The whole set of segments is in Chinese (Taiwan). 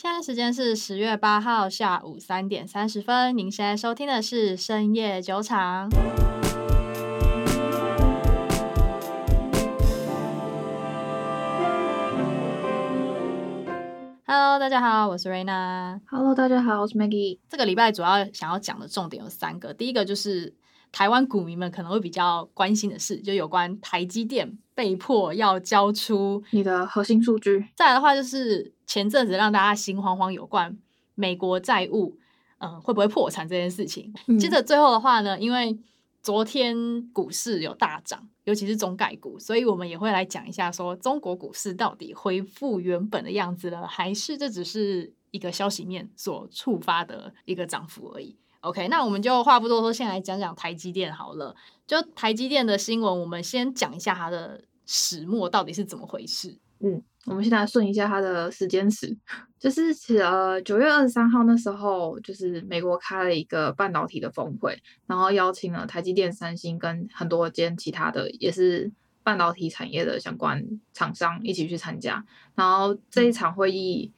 現在時間是十月八號下午三點三十分。您現在收聽的是深夜酒場。 Hello，大家好，我是 Raina。Hello，大家好，我是 Maggie。這個禮拜主要想要講的重點有三個，第一個就是台灣股民們可能會比較關心的事，就有關台積電被迫要交出你的核心數據。再來的話就是。前陣子讓大家心慌慌，有關美國債務，嗯，會不會破產這件事情。嗯、接着最後的話呢，因為昨天股市有大漲，尤其是中概股，所以我們也會來講一下說，說中國股市到底恢復原本的樣子了，還是這只是一個消息面所觸發的一個漲幅而已。OK，那我們就話不多說，先來講講台積電好了。就台積電的新聞，我們先講一下它的始末到底是怎麼回事。嗯，我們先來順一下它的時間線，就是呃九月二十三號那時候，就是美國開了一個半導體的峰會，然後邀請了台積電、三星跟很多間其他的也是半導體產業的相關廠商一起去參加。然後這一場會議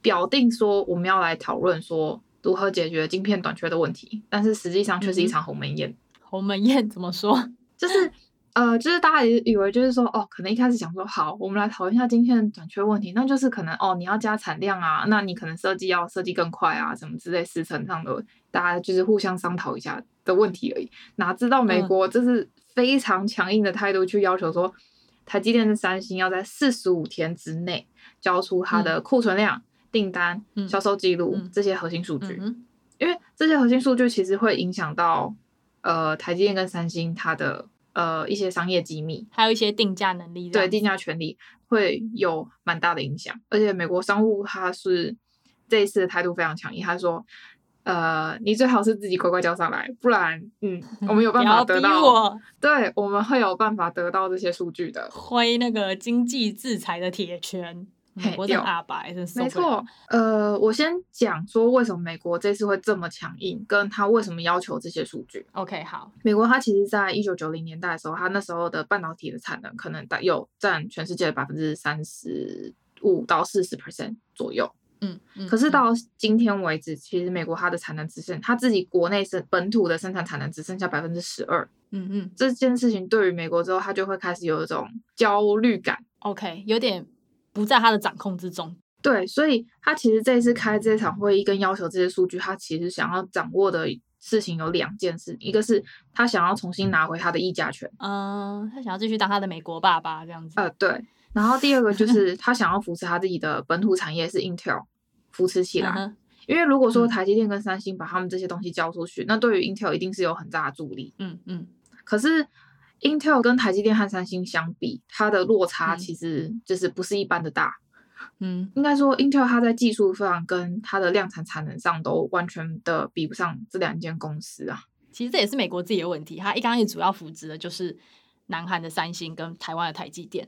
表定說我們要來討論說如何解決晶片短缺的問題，但是實際上卻是一場鴻門宴。嗯、鴻門宴怎麼說？就是。呃，就是大家也以為就是說，哦，可能一開始想說，好，我們來討論一下今天的短缺問題，那就是可能，哦，你要加產量啊,那你可能設計要設計更快啊，什麼之類，時程上的，大家就是互相商討一下的問題而已。哪知道美國這是非常強硬的態度去要求說，台積電跟三星要在四十五天之內交出它的庫存量、嗯、訂單、嗯、銷售記錄這些核心數據、嗯嗯嗯嗯，因為這些核心數據其實會影響到，呃，台積電跟三星它的。呃，一些商業機密，還有一些定價能力對，對定價權利會有蠻大的影響。嗯，而且美國商務，他是這一次的態度非常強硬，他說：“呃，你最好是自己乖乖交上來，不然，嗯，我們有辦法得到我，對，我們會有辦法得到這些數據的，揮那個經濟制裁的鐵拳。”阿、okay, 是 hey, 沒錯。呃，我先講說為什麼美國這次會這麼強硬，跟他為什麼要求這些數據。OK，好。美國它其實在一九九零年代的時候，它那時候的半導體的產能可能有占全世界的百分之三十五到四十 percent 左右。嗯，嗯，嗯。可是到今天為止，其實美國它的產能只剩它自己國內生本土的生產產，產能只剩下百分之十二。嗯嗯。這件事情對於美國之後，它就會開始有一種焦慮感。OK，有點。不在他的掌控之中。對，所以他其實這一次開這場會議跟要求這些數據，他其實想要掌握的事情有兩件事，一個是他想要重新拿回他的議價權，嗯、呃，他想要繼續當他的美國爸爸這樣子。呃，對。然後第二個就是他想要扶持他自己的本土產業，是 Intel 扶持起來。 因為如果說台積電跟三星把他們這些東西交出去，嗯、那對於 Intel 一定是有很大的助力。嗯嗯，嗯。可是。Intel 跟台積電和三星相比，它的落差其實就是不是一般的大。嗯，應該說 Intel 它在技術上跟它的量產產能上都完全的比不上這兩間公司啊。其實這也是美國自己的問題，它一剛開始主要扶植的就是南韓的三星跟台灣的台積電。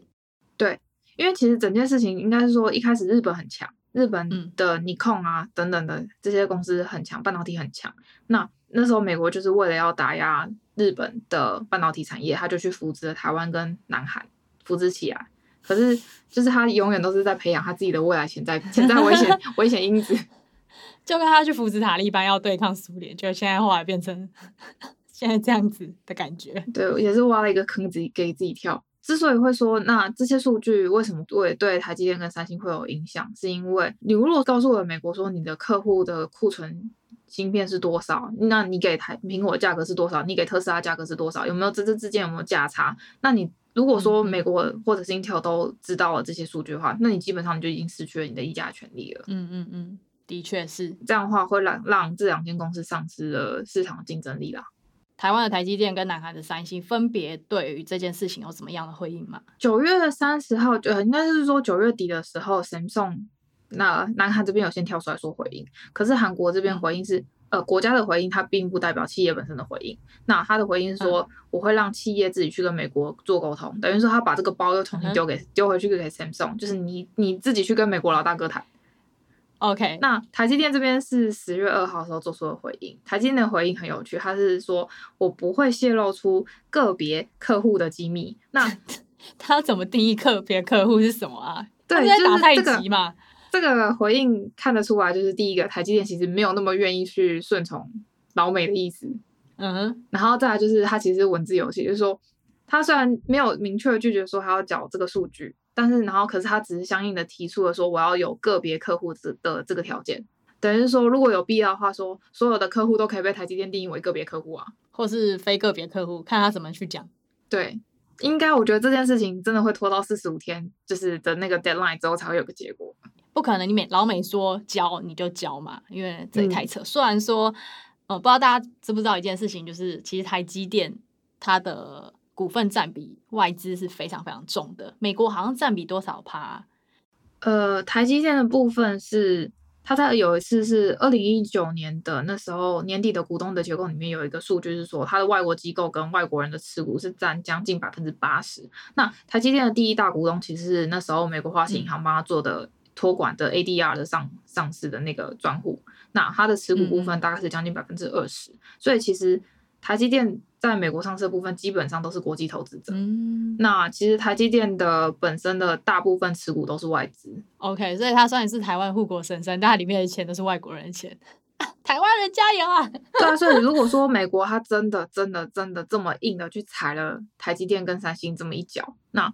對，因為其實整件事情應該是說一開始日本很強。日本的尼康啊，等等的這些公司很強，半導體很強。那那時候美國就是為了要打壓日本的半導體產業，他就去扶植了台灣跟南韓扶植起來。可是就是他永遠都是在培養他自己的未來潛在潛在危險 危險因子，就跟他去扶持塔利班要對抗蘇聯，就現在後來變成現在這樣子的感覺。對，也是挖了一個坑自己給自己跳。之所以會說，那這些數據為什麼會對台積電跟三星會有影響？是因為你如果告訴了美國說你的客戶的庫存芯片是多少，那你給台蘋果的價格是多少，你給特斯拉的價格是多少，有沒有這這之間有沒有價差？那你如果說美國或者是英特爾都知道了這些數據的話，那你基本上你就已經失去了你的議價權利了。嗯嗯嗯，的確是。這樣的話會讓讓這兩間公司喪失了市場競爭力啦。台灣的台積電跟南韓的三星分別對於這件事情有什麼樣的回應嗎？九月三十號，呃，應該是說九月底的時候，Samsung，那南韓這邊有先跳出來說回應，可是韓國這邊回應是、嗯，呃，國家的回應它並不代表企業本身的回應。那他的回應是說、嗯，我會讓企業自己去跟美國做溝通，等於說他把這個包又重新丟給丟、嗯哼、回去給 Samsung，就是你你自己去跟美國老大哥談。OK，那台積電這邊是十月二號的時候做出的回應。台積電的回應很有趣，他是說，我不會洩露出個別客戶的機密。那 他怎麼定義個別客戶是什麼啊？對，就是這個、他是在打太極嘛。這個回應看得出來，就是第一個台積電其實沒有那麼願意去順從老美的意思。嗯、uh -huh.，然後再來就是他其實文字遊戲，就是說他雖然沒有明確拒絕說他要繳這個數據。但是，然後可是他只是相應的提出了說，我要有個別客戶的這個條件，等於說，如果有必要的話說，說所有的客戶都可以被台積電定義為個別客戶啊，或是非個別客戶，看他怎麼去講。對，應該我覺得這件事情真的會拖到四十五天，就是的那個 deadline 之後才會有個結果。不可能，你每老美說交你就交嘛，因為這太扯，嗯、雖然說，嗯，不知道大家知不知道一件事情，就是其實台積電它的。股份占比外資是非常非常重的，美國好像占比多少趴啊？呃，台積電的部分是，它在有一次是二零一九年的那時候年底的股東的結構裡面有一個數據是說，它的外國機構跟外國人的持股是占將近百分之八十。那台積電的第一大股東其實是那時候美國花旗銀行幫他做的托管的 ADR 的上上市的那個專戶，那他的持股部分大概是將近百分之二十，所以其實。台積電在美國上市的部分，基本上都是國際投資者。嗯，那其實台積電的本身的大部分持股都是外資。OK，所以它雖然是台灣護國神山，但它裡面的錢都是外國人的錢。啊，台灣人加油啊！對啊，所以如果說美國它真，真的、真的、真的這麼硬的去踩了台積電跟三星這麼一腳，那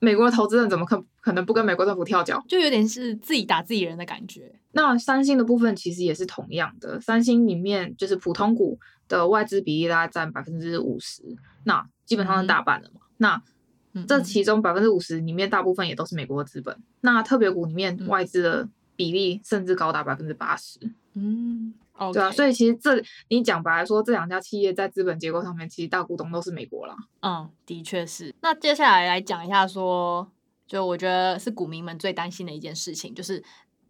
美國的投資人怎麼可可能不跟美國政府跳腳？就有點是自己打自己人的感覺。那三星的部分其實也是同樣的，三星裡面就是普通股。的外資比例大概佔百分之五十，那基本上是大半了嘛。嗯、那這其中百分之五十裡面，大部分也都是美國資本、嗯。那特別股裡面外資的比例甚至高達百分之八十。嗯，對啊、okay。所以其實這你講白來說，這兩家企業在資本結構上面，其實大股東都是美國了。嗯，的確是。那接下來來講一下說，說就我覺得是股民們最擔心的一件事情，就是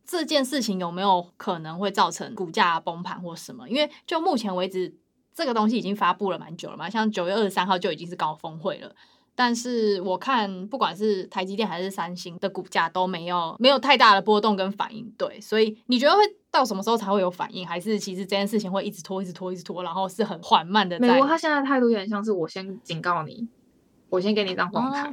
這件事情有沒有可能會造成股價崩盤或什麼？因為就目前為止，這個東西已經發布了蠻久了嘛，像九月二十三號就已經是高峰會了，但是我看不管是台積電還是三星的股價都沒有沒有太大的波動跟反應。對，所以你覺得會到什麼時候才會有反應？還是其實這件事情會一直拖，一直拖，一直拖，然後是很緩慢的在？美國他現在態度有點像是我先警告你，我先給你一張黃牌、啊，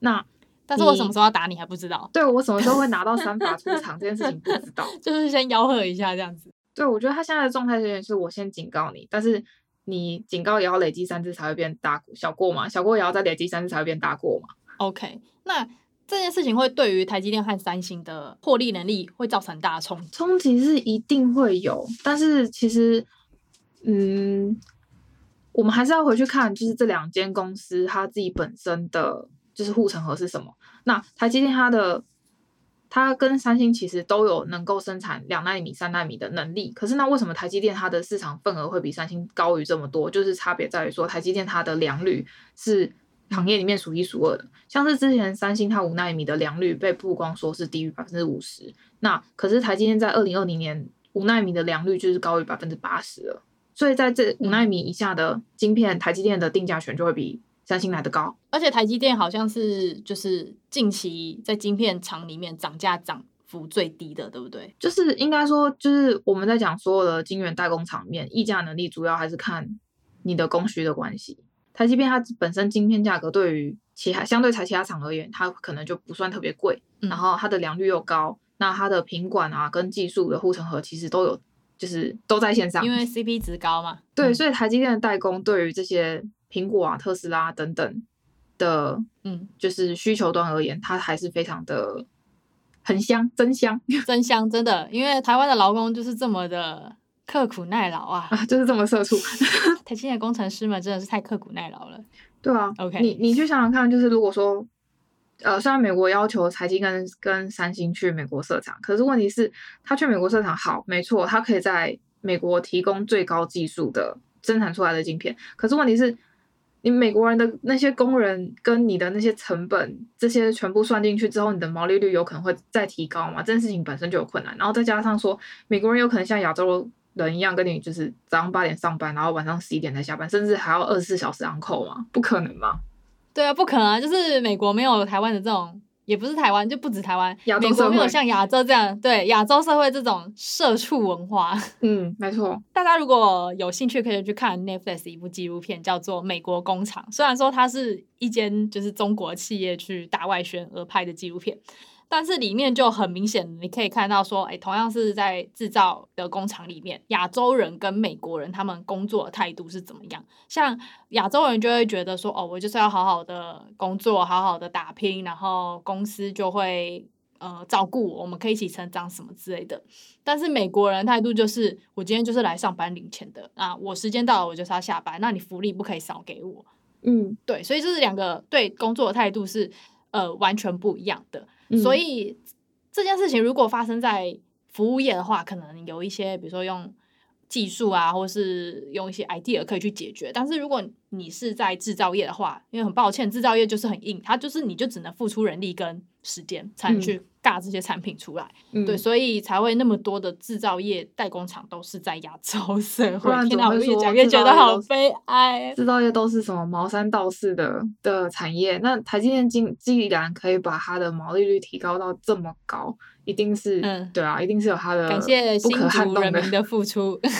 那但是我什麼時候要打你還不知道？對，我什麼時候會拿到三罰出場 這件事情不知道，就是先吆喝一下這樣子。對，我覺得他現在的狀態有點是，我先警告你，但是你警告也要累積三次才會變大小過嘛，小過也要再累積三次才會變大過嘛。OK，那這件事情會對於台積電和三星的獲利能力會造成大衝衝擊是一定會有，但是其實，嗯，我們還是要回去看，就是這兩間公司他自己本身的就是護城河是什麼。那台積電它的。它跟三星其實都有能夠生產兩奈米、三奈米的能力，可是那為什麼台積電它的市場份額會比三星高於這麼多？就是差別在於說，台積電它的良率是行業裡面數一數二的。像是之前三星它五奈米的良率被曝光說是低於百分之五十，那可是台積電在二零二零年五奈米的良率就是高於百分之八十了。所以在這五奈米以下的晶片，台積電的定價權就會比三星來的高，而且台積電好像是就是近期在晶片廠裡面漲價漲幅最低的，對不對？就是應該說，就是我們在講所有的晶圓代工廠面，議價能力主要還是看你的供需的關係。台積電它本身晶片價格對於其他相對才其他廠而言，它可能就不算特別貴，嗯，然後它的良率又高，那它的品管啊跟技術的護城河其實都有，就是都在線上。因為 CP 值高嘛。對，嗯、所以台積電的代工對於這些。蘋果啊、特斯拉等等的，嗯，就是需求端而言，嗯，它還是非常的很香，真香，真香，真的。因為台灣的勞工就是這麼的刻苦耐勞啊，啊就是這麼社畜。 台積的工程師們真的是太刻苦耐勞了。對啊，OK，你你去想想看，就是如果說，呃，雖然美國要求台積跟跟三星去美國設廠，可是問題是，他去美國設廠好，沒錯，他可以在美國提供最高技術的生產出來的晶片，可是問題是。你美國人的那些工人跟你的那些成本，這些全部算進去之後，你的毛利率有可能會再提高嘛？這件事情本身就有困難，然後再加上說，美國人有可能像亞洲人一樣，跟你就是早上八點上班，然後晚上十一點才下班，甚至還要二十四小時 on call 嘛？不可能嗎？對啊，不可能啊。就是美國沒有台灣的這種。也不是台灣，就不止台灣，美國沒有像亞洲這樣對亞洲社會這種社畜文化。嗯，沒錯。大家如果有興趣，可以去看 Netflix 一部紀錄片，叫做《美國工廠》，雖然說它是一間就是中國企業去大外宣而拍的紀錄片。但是裡面就很明顯，你可以看到說，哎、欸，同樣是在製造的工廠裡面，亞洲人跟美國人他們工作的態度是怎麼樣？像亞洲人就會覺得說，哦，我就是要好好的工作，好好的打拼，然後公司就會呃照顧我，我們可以一起成長什麼之類的。但是美國人態度就是，我今天就是來上班領錢的，啊，我時間到了我就是要下班，那你福利不可以少給我。嗯，對，所以就是兩個對工作的態度是呃完全不一樣的。所以，嗯，這件事情如果發生在服務業的話，可能有一些，比如說用技術啊，或是用一些 idea 可以去解決。但是如果你是在製造業的話，因為很抱歉，製造業就是很硬，它就是你就只能付出人力跟時間才能去尬這些產品出來，嗯。對，所以才會那麼多的製造業代工廠都是在亞洲生。不、嗯、然覺得好悲哀。製造業都是什麼毛三到四的的產業？那台積電竟既然可以把它的毛利率提高到這麼高。一定是、嗯、對啊，一定是有他的，的感謝辛苦人民的付出，嗯、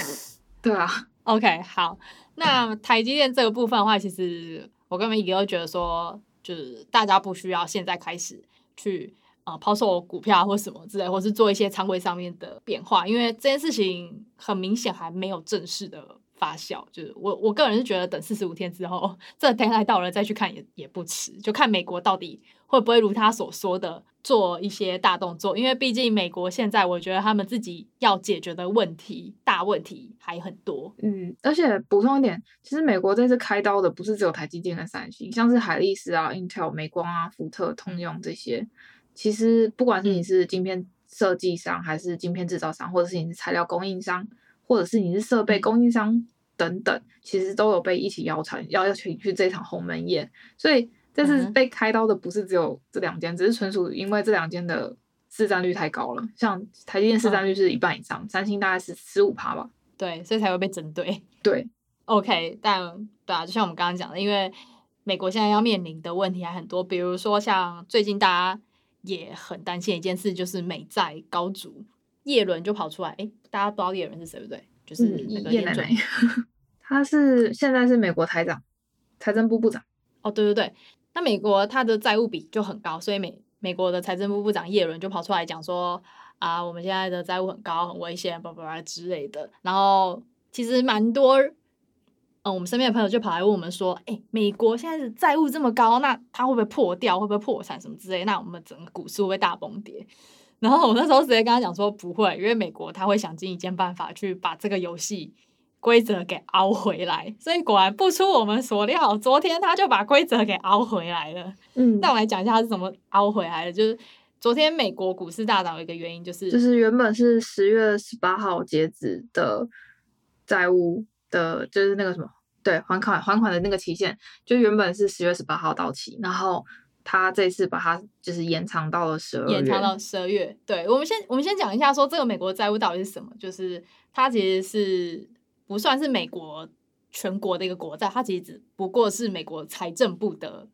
對啊。 OK，好，那台積電這個部分的話，其實我跟文怡都覺得說，就是大家不需要現在開始去啊、呃、拋售股票或什麼之類，或是做一些倉位上面的變化，因為這件事情很明顯還沒有正式的。發酵就是我，我個人是覺得等四十五天之後，這天來到了再去看也也不遲，就看美國到底會不會如他所說的做一些大動作。因為畢竟美國現在，我覺得他們自己要解決的問題、大問題還很多。嗯，而且補充一點，其實美國這次開刀的不是只有台積電跟三星，像是海力士啊、Intel、美光啊、福特、通用這些，其實不管是你是晶片設計商、嗯，還是晶片制造商，或者是你是材料供應商，或者是你是設備供應商。嗯等等，其實都有被一起邀餐，邀請去這場鴻門宴，所以這次被開刀的不是只有這兩間、嗯，只是純屬因為這兩間的市占率太高了，像台積電市占率是一半以上，嗯、三星大概是十五趴吧，對，所以才會被針對。對，OK，但對啊，就像我們剛剛講的，因為美國現在要面臨的問題還很多，比如說像最近大家也很擔心一件事，就是美債高築，葉倫就跑出來，哎、欸，大家不知道葉倫是誰，對不對？就是那個葉 他是現在是美國財長，財政部部長。哦，對對對，那美國他的債務比就很高，所以美美國的財政部部長耶倫就跑出來講說啊，我們現在的債務很高，很危險，叭叭叭之類的。然後其實蠻多，嗯，我們身邊的朋友就跑來問我們說，誒，美國現在的債務這麼高，那他會不會破掉？會不會破產什麼之類的？那我們整個股市會，會大崩跌？然後我那時候直接跟他講說，不會，因為美國他會想盡一件辦法去把這個遊戲規則給凹回來，所以果然不出我們所料，昨天他就把規則給凹回來了。嗯，那我來講一下他是怎麼凹回來的。就是昨天美國股市大漲的一個原因，就是就是原本是十月十八號截止的債務的，就是那個什麼，對，還款還款的那個期限，就原本是十月十八號到期，然後他這次把它就是延長到了十二，延長到十二月。對，我們先我們先講一下說這個美國債務到底是什麼，就是它其實是。不算是美國全國的一個國債，它其實只不過是美國財政部的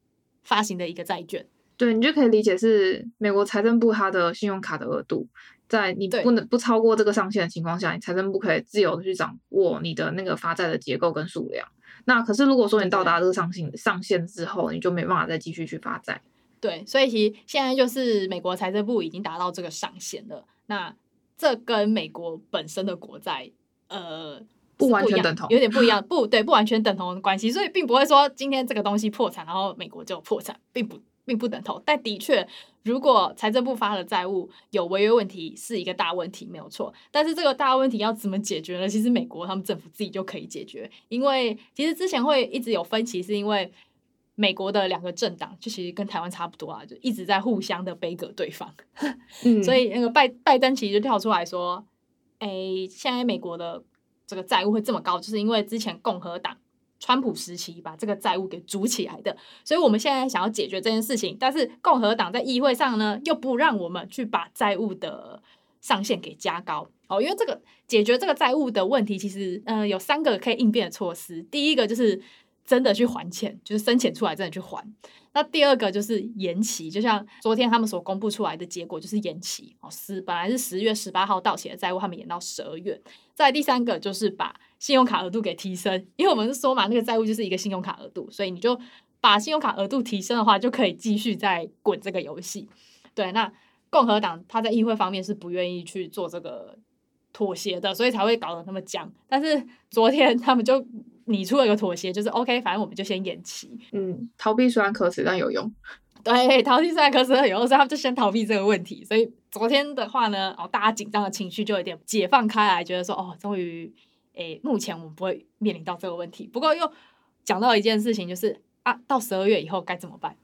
發行的一個債券。對，你就可以理解是美國財政部它的信用卡的額度，在你不能不超過這個上限的情況下，你財政部可以自由地去掌握你的那個發債的結構跟數量。那可是如果說你到達這個上限上限之後，對對對，你就沒辦法再繼續去發債。對，所以其實現在就是美國財政部已經達到這個上限了。那這跟美國本身的國債，呃。不完全等同， 有點不一樣，不對，不完全等同的關係，所以並不會說今天這個東西破產，然後美國就破產，並不，並不等同。但的確，如果財政部發的債務有違約問題，是一個大問題，沒有錯。但是這個大問題要怎麼解決呢？其實美國他們政府自己就可以解決，因為其實之前會一直有分歧，是因為美國的兩個政黨就其實跟台灣差不多啊，就一直在互相的杯葛對方。嗯、 所以那個拜拜登其實就跳出來說，哎、欸，現在美國的。這個債務會這麼高，就是因為之前共和黨川普時期把這個債務給築起來的，所以我們現在想要解決這件事情，但是共和黨在議會上呢，又不讓我們去把債務的上限給加高哦。因為這個解決這個債務的問題，其實嗯、呃、有三個可以應變的措施，第一個就是真的去還錢，就是生錢出來真的去還。那第二個就是延期，就像昨天他們所公布出來的結果，就是延期哦，十本來是十月十八號到期的債務，他們延到十二月。再第三個就是把信用卡額度給提升，因為我們是說嘛，那個債務就是一個信用卡額度，所以你就把信用卡額度提升的話，就可以繼續再滾這個遊戲。對，那共和黨他在議會方面是不願意去做這個妥協的，所以才會搞得那麼僵。但是昨天他們就。你出了一個妥協，就是 OK，反正我們就先延期。嗯，逃避雖然可恥，但有用。對，逃避雖然可恥，但有用。所以他們就先逃避這個問題。所以昨天的話呢，哦，大家緊張的情緒就有點解放開來，覺得說，哦，終於，誒，目前我們不會面臨到這個問題。不過又講到一件事情，就是啊，到十二月以後該怎麼辦？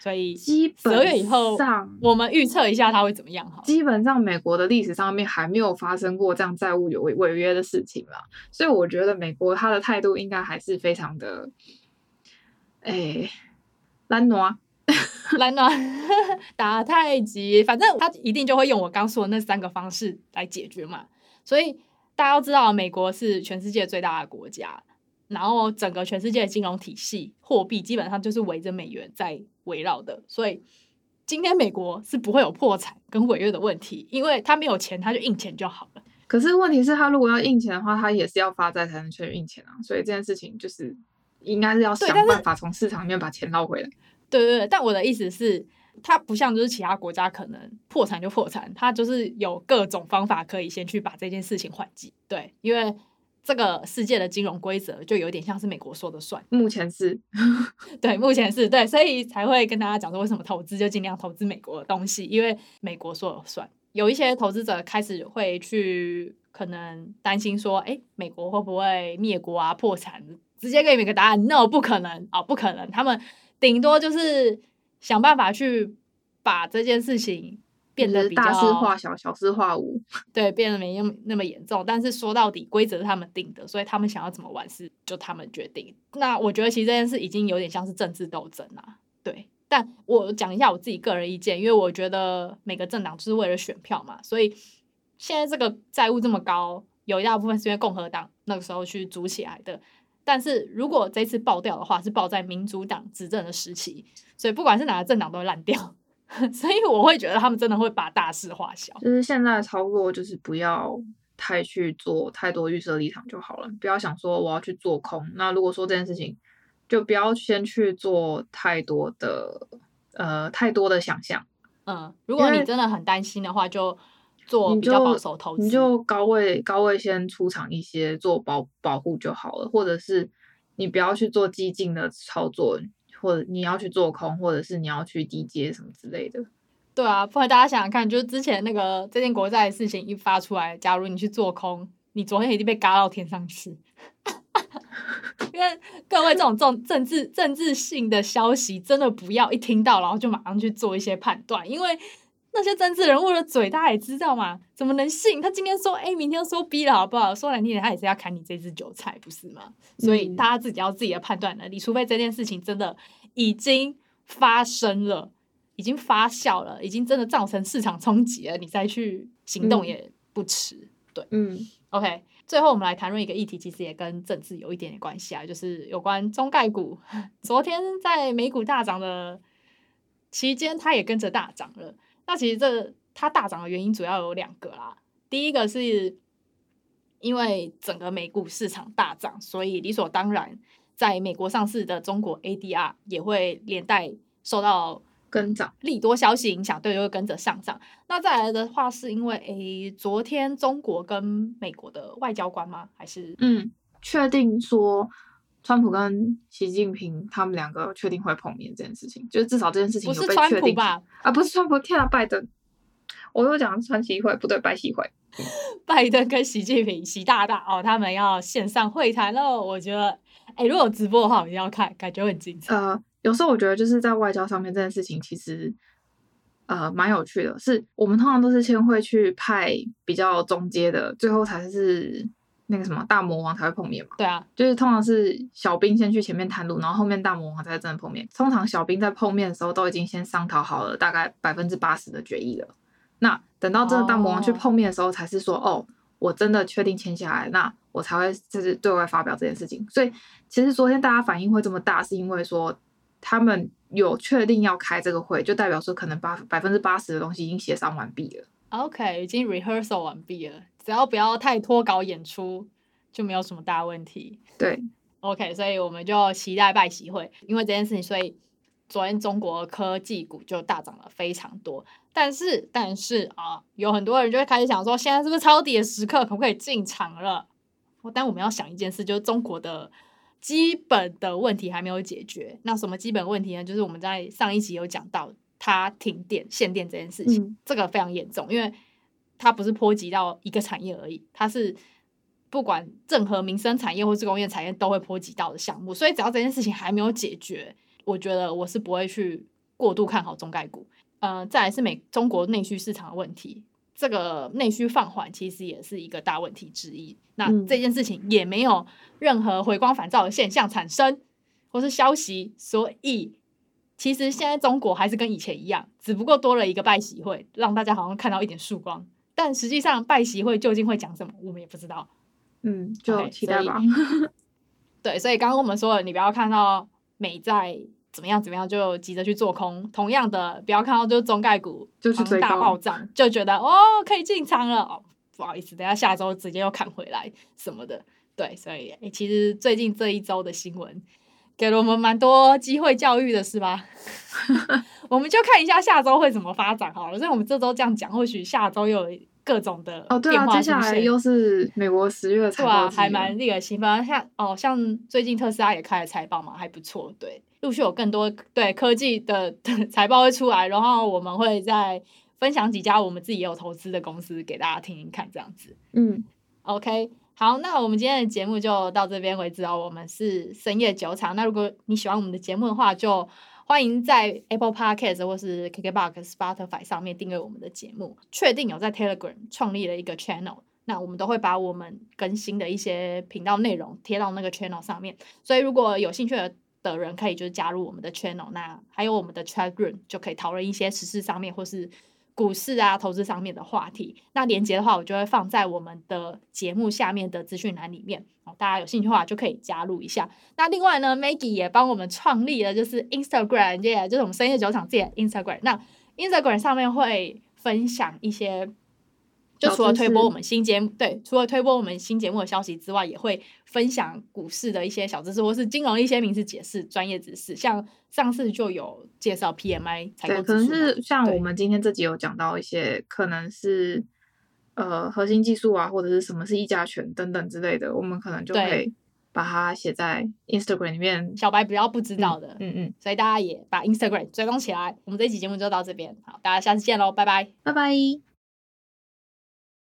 所以，基本十月以後，我們預測一下他會怎麼樣哈。基本上，美國的歷史上面還沒有發生過這樣債務有違約違違違的事情嘛，所以我覺得美國他的態度應該還是非常的，誒，藍暖，藍暖， 打太極，反正他一定就會用我剛說的那三個方式來解決嘛。所以大家都知道，美國是全世界最大的國家。然後，整個全世界的金融體系、貨幣基本上就是圍着美元在圍繞的。所以，今天美國是不會有破產跟違約的問題，因為他沒有錢，他就印錢就好了。可是問題是他如果要印錢的話，他也是要發債才能去印錢啊。所以這件事情就是應該是要想辦法從市場裡面把錢撈回來。對對，對對，但我的意思是，他不像就是其他國家可能破產就破產，他就是有各種方法可以先去把這件事情緩急。對，因為。這個世界的金融規則就有點像是美國說的算，目前是 對，目前是對，所以才會跟大家講說，為什麼投資就儘量投資美國的東西，因為美國說了算。有一些投資者開始會去可能擔心說，哎，美國會不會滅國啊、破產？直接給你們一個答案 ，No，不可能啊、哦，不可能，他們頂多就是想辦法去把這件事情。變得大事化小，小事化無。對，變得沒那麼那麼嚴重。但是說到底，規則是他們定的，所以他們想要怎麼玩是就他們決定。那我覺得其實這件事已經有點像是政治鬥爭了。對，但我講一下我自己個人意見，因為我覺得每個政黨就是為了選票嘛，所以現在這個債務這麼高，有一大部分是因為共和黨那個時候去組起來的。但是如果這次爆掉的話，是爆在民主黨執政的時期，所以不管是哪個政黨都會爛掉。所以我會覺得他們真的會把大事化小。就是現在的操作，就是不要太去做太多預設立場就好了。不要想說我要去做空。那如果說這件事情，就不要先去做太多的，呃，太多的想象。嗯。如果你真的很擔心的話，你就，就做比較保守投資。你就高位高位先出場一些做保保護就好了，或者是你不要去做激進的操作。或者你要去做空，或者是你要去低接什麼之類的，對啊。不然大家想想看，就是之前那個最近國債的事情一發出來，假如你去做空，你昨天一定被嘎到天上去。 因為各位這種這種政治 政治性的消息，真的不要一聽到，然後就馬上去做一些判斷，因為。那些政治人物的嘴，大家也知道嘛，怎麼能信？他今天說 A、欸、明天說 B 了，好不好？說難聽點，他也是要砍你這隻韭菜，不是嗎？所以大家自己要自己的判斷了。你、嗯、除非這件事情真的已經發生了，已經發酵了，已經真的造成市場衝擊了，你再去行動也不遲。嗯、對，嗯，OK。最後，我們來談論一個議題，其實也跟政治有一點點關係啊，就是有關中概股。昨天在美股大漲的期間，它也跟着大漲了。那其實這它大漲的原因主要有兩個啦。第一個是因為整個美股市場大漲，所以理所當然，在美國上市的中國 ADR 也會連帶受到跟漲利多消息影響，對，又會跟着上漲。那再來的話，是因為誒昨天中國跟美國的外交官嗎？還是嗯，確定說。川普跟習近平，他們兩個確定會碰面這件事情，就是至少這件事情有被確定，不是川普吧？啊，不是川普，到、啊、拜登。我又講了川習會，不對，拜習會。拜登跟習近平，習大大哦，他們要線上會談嘍。我覺得，哎，如果直播的話，我一定要看，感覺很精彩。呃，有時候我覺得就是在外交上面這件事情，其實呃蠻有趣的。是我們通常都是先會去派比較中階的，最後才是那個什麼大魔王才會碰面嘛？對啊，就是通常是小兵先去前面探路，然後後面大魔王才真的碰面。通常小兵在碰面的時候都已經先商討好了大概百分之八十的決議了。那等到真的大魔王去碰面的時候，才是說，oh, 哦，哦，我真的確定簽下來，那我才會就是對外發表這件事情。所以其實昨天大家反應會這麼大，是因為說他們有確定要開這個會，就代表說可能八百分之八十的東西已經協商完畢了。OK，已經 rehearsal 完畢了。只要不要太脫稿演出，就沒有什麼大問題。對，OK，所以我們就期待拜習會。因為這件事情，所以昨天中國科技股就大漲了非常多。但是，但是啊，有很多人就會開始想說，現在是不是抄底的時刻，可不可以進場了？但我們要想一件事，就是中國的基本的問題還沒有解決。那什麼基本問題呢？就是我們在上一集有講到，它停電限電這件事情，嗯，這個非常嚴重，因為。它不是波及到一個產業而已，它是不管任何民生產業或是工業產業都會波及到的項目，所以只要這件事情還沒有解決，我覺得我是不會去過度看好中概股。呃，再來是美中國內需市場的問題，這個內需放緩其實也是一個大問題之一。那這件事情也沒有任何回光返照的現象產生或是消息，所以其實現在中國還是跟以前一樣，只不過多了一個拜習會，讓大家好像看到一點曙光。但實際上，拜習會究竟會講什麼，我們也不知道。嗯，就期待吧。Okay, 對，所以剛剛我們說了，你不要看到美債怎麼樣怎麼樣就急着去做空。同樣的，不要看到就是中概股爆炸就是大暴漲，就覺得哦可以進場了。哦，不好意思，等下下周直接又砍回來什麼的。對，所以其實最近這一周的新聞。給了我們蠻多機會教育的是吧？ 我們就看一下下周會怎麼發展好了。所以，我們這周這樣講，或許下周又有各種的變化哦，對、啊、接下來又是美國十月的財報季，對啊，還蠻那的新令人興奮。反、哦、正像哦，像最近特斯拉也開了財報嘛，還不錯。對，陸續有更多對科技的，的財報會出來，然後我們會再分享幾家我們自己也有投資的公司給大家聽聽看，這樣子。嗯，OK。好，那我們今天的節目就到這邊為止哦。我們是深夜酒廠。那如果你喜歡我們的節目的話，就歡迎在 Apple Podcast 或是 KKBOX、Spotify 上面訂閱我們的節目。確定有在 Telegram 創立了一個 channel，那我們都會把我們更新的一些頻道內容貼到那個 channel 上面。所以如果有興趣的的人，可以就加入我們的 channel，那還有我們的 chat room，就可以討論一些時事上面或是。股市啊，投資上面的話題，那連接的話，我就會放在我們的節目下面的資訊欄裡面。哦，大家有興趣的話，就可以加入一下。那另外呢，Maggie 也幫我們創立了，就是 Instagram，也、yeah, 就是我們深夜酒廠自己的 Instagram。那 Instagram 上面會分享一些。就除了推播我們新節目，對，除了推播我們新節目的消息之外，也會分享股市的一些小知識，或是金融一些名詞解釋、專業知識。像上次就有介紹 PMI，對，可能是像我們今天這集有講到一些，可能是呃核心技術啊，或者是什麼是議價權等等之類的，我們可能就會把它寫在 Instagram 裡面，小白不要不知道的，嗯嗯、嗯，所以大家也把 Instagram 追蹤起來。我們這期節目就到這邊，好，大家下次見嘍，拜拜，拜拜。